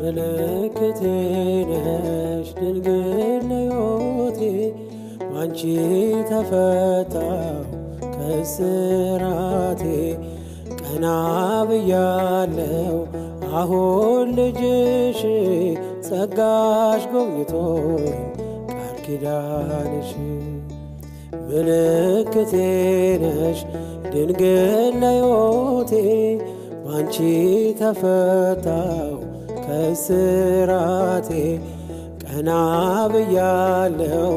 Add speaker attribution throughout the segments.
Speaker 1: ምልክቴ ነሽ ድንግል ሕይወቴ ባንቺ ተፈታው ከስራቴ ቀና ብያለው አሁን ልጅሽ ጸጋሽ ጎብኝቶ ቃል ኪዳንሽ ምልክቴ ነሽ ድንግል ለዮቴ ባንቺ ተፈታው ከስራቴ ቀና ብያለው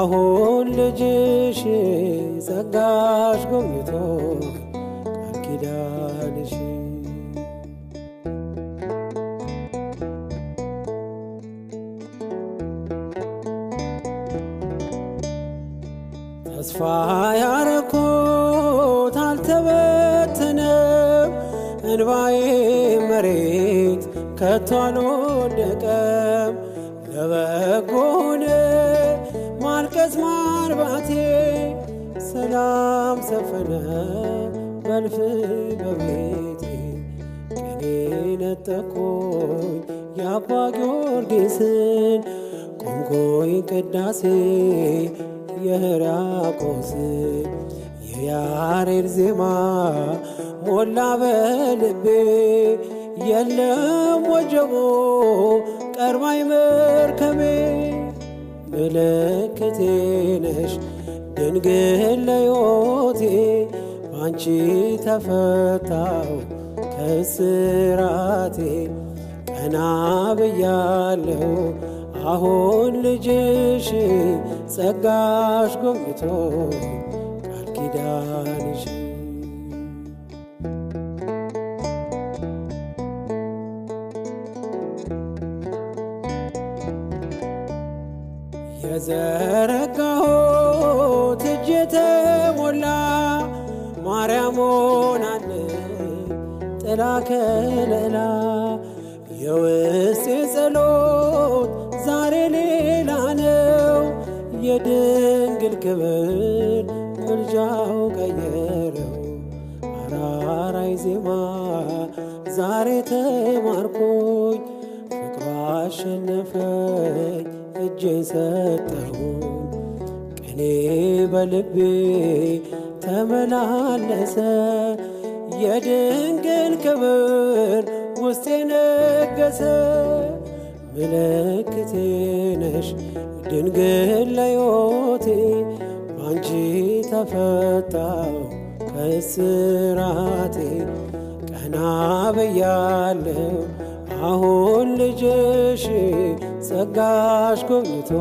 Speaker 1: አሁን ልጅሽ ጸጋሽ ጎብኝቶኝ ኪዳንሽ ተስፋ ያረኩት አልተበተነም እንባዬ መሬት ከቶ አልወደቀም። ለበጎ ሆነ ማልቀስ ማልባቴ ሰላም ሰፈነ በልፍ በቤቴ ቀኔ ነጠቆኝ የአባ ጊዮርጊስን ቆንቆይ ቅዳሴ የሕርያቆስ የያሬድ ዜማ ሞላ በልቤ የለም ወጀቦ ቀርባይ መርከሜ ምልክቴ ነሽ ድንግል ለዮቴ ባንቺ ተፈታው ከስራቴ ቀና ብያለሁ አሁን ልጅሽ ጸጋሽ ጎብኝቶ ቃል ኪዳንሽ የዘረጋ መሆናለ ጥላ ከለላ የውስጤ ጸሎት ዛሬ ሌላ ነው። የድንግል ክብር ምልጃው ቀየረው አራራይ ዜማ ዛሬ ተማርኮኝ ፍቅሩ አሸነፈኝ እጄን ሰጠሁን እኔ በልቤ ተመላለሰ የድንግል ክብር ውስጤ ነገሰ። ምልክቴ ነሽ ድንግል ለዮቴ ባንቺ ተፈታው ከስራቴ ቀና ብያለው አሁን ልጅሽ ጸጋሽ ጎብኝቶ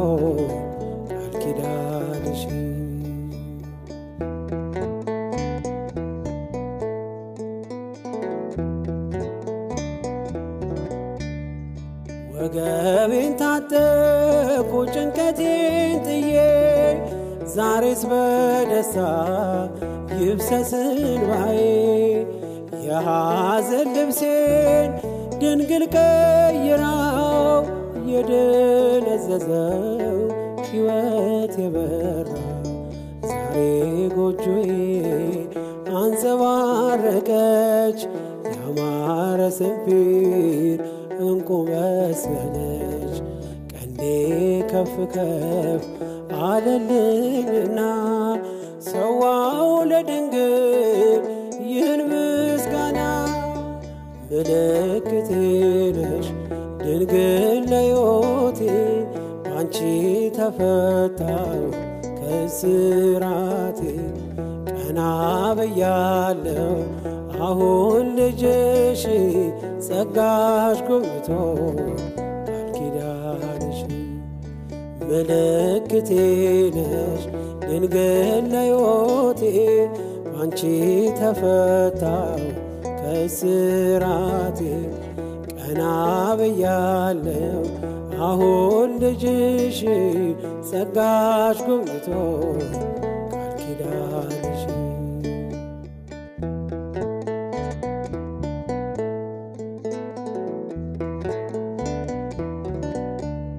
Speaker 1: ወገቤን ታጠቁ ጭንቀቴን ጥዬ ዛሬስ በደስታ ይብሰስን ባዬ የሐዘን ልብሴን ድንግል ቀይራው የደነዘዘው ሕይወት በሌሊት የበራ ዛሬ ጎጆዬ አንጸባረቀች ያማረ ስንፊር እንቁ መስለች ቀንዴ ከፍ ከፍ አለልኝና ሰዋው ለድንግል ይህን ምስጋና ምልክቴ ነሽ ድንግል ለዮ ባንቺ ተፈታው ከስራቴ ቀና አሁን ልጅሽ ጸጋሽ ጎብቶ ካልኪዳንሽ ኪዳንሽ ምልክቴ ነሽ ድንግል ለዮቴ ባንቺ ተፈታው ከስራቴ ቀና አሁን ልጅሽ ጸጋሽ ጎብኝቶ ቃል ኪዳን